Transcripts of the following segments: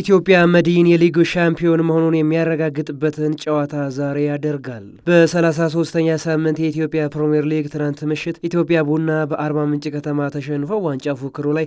ኢትዮጵያ መድን የሊግ ሻምፒዮን መሆኑን የሚያረጋግጥበትን ጨዋታ ዛሬ ያደርጋል። በ33ኛ ሳምንት የኢትዮጵያ ፕሪምየር ሊግ ትናንት ምሽት ኢትዮጵያ ቡና በአርባ ምንጭ ከተማ ተሸንፎ ዋንጫ ፉክሩ ላይ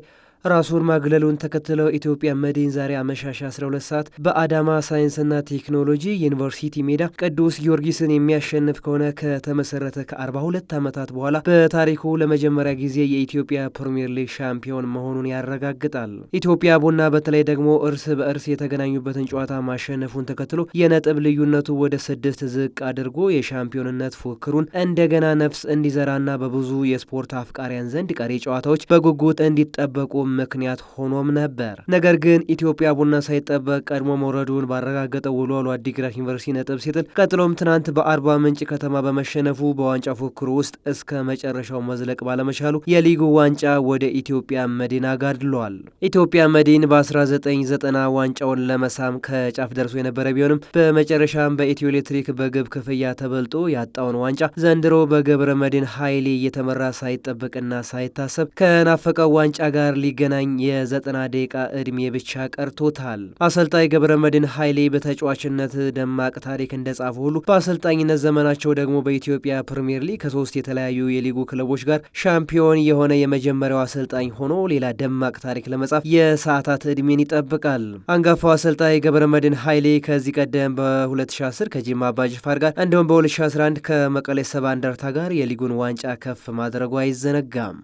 ራሱን ማግለሉን ተከትለው ኢትዮጵያ መድን ዛሬ አመሻሽ 12 ሰዓት በአዳማ ሳይንስና ቴክኖሎጂ ዩኒቨርሲቲ ሜዳ ቅዱስ ጊዮርጊስን የሚያሸንፍ ከሆነ ከተመሰረተ ከ42 ዓመታት በኋላ በታሪኩ ለመጀመሪያ ጊዜ የኢትዮጵያ ፕሪምየር ሊግ ሻምፒዮን መሆኑን ያረጋግጣል። ኢትዮጵያ ቡና በተለይ ደግሞ እርስ በእርስ የተገናኙበትን ጨዋታ ማሸነፉን ተከትሎ የነጥብ ልዩነቱ ወደ ስድስት ዝቅ አድርጎ የሻምፒዮንነት ፉክክሩን እንደገና ነፍስ እንዲዘራና በብዙ የስፖርት አፍቃሪያን ዘንድ ቀሪ ጨዋታዎች በጉጉት እንዲጠበቁ ምክንያት ሆኖም ነበር። ነገር ግን ኢትዮጵያ ቡና ሳይጠበቅ ቀድሞ መውረዱን ባረጋገጠ ውሎ አሉ አዲግራት ዩኒቨርሲቲ ነጥብ ሲጥል ቀጥሎም ትናንት በአርባ ምንጭ ከተማ በመሸነፉ በዋንጫ ፉክክሩ ውስጥ እስከ መጨረሻው መዝለቅ ባለመቻሉ የሊጉ ዋንጫ ወደ ኢትዮጵያ መዲን አጋድሏል። ኢትዮጵያ መዲን በ1990 ዋንጫውን ለመሳም ከጫፍ ደርሶ የነበረ ቢሆንም በመጨረሻም በኢትዮ ኤሌክትሪክ በግብ ክፍያ ተበልጦ ያጣውን ዋንጫ ዘንድሮ በገብረ መዲን ኃይሌ እየተመራ ሳይጠበቅና ሳይታሰብ ከናፈቀው ዋንጫ ጋር ሊገ ሊገናኝ የዘጠና ደቂቃ እድሜ ብቻ ቀርቶታል። አሰልጣኝ ገብረ መድን ኃይሌ በተጫዋችነት ደማቅ ታሪክ እንደጻፈ ሁሉ በአሰልጣኝነት ዘመናቸው ደግሞ በኢትዮጵያ ፕሪምየር ሊግ ከሶስት የተለያዩ የሊጉ ክለቦች ጋር ሻምፒዮን የሆነ የመጀመሪያው አሰልጣኝ ሆኖ ሌላ ደማቅ ታሪክ ለመጻፍ የሰዓታት እድሜን ይጠብቃል። አንጋፋው አሰልጣኝ መድን ኃይሌ ከዚህ ቀደም በ2010 ከጂማ አባጅፋር ጋር እንዲሁም በ2011 ከመቀሌ ሰባ እንደርታ ጋር የሊጉን ዋንጫ ከፍ ማድረጉ አይዘነጋም።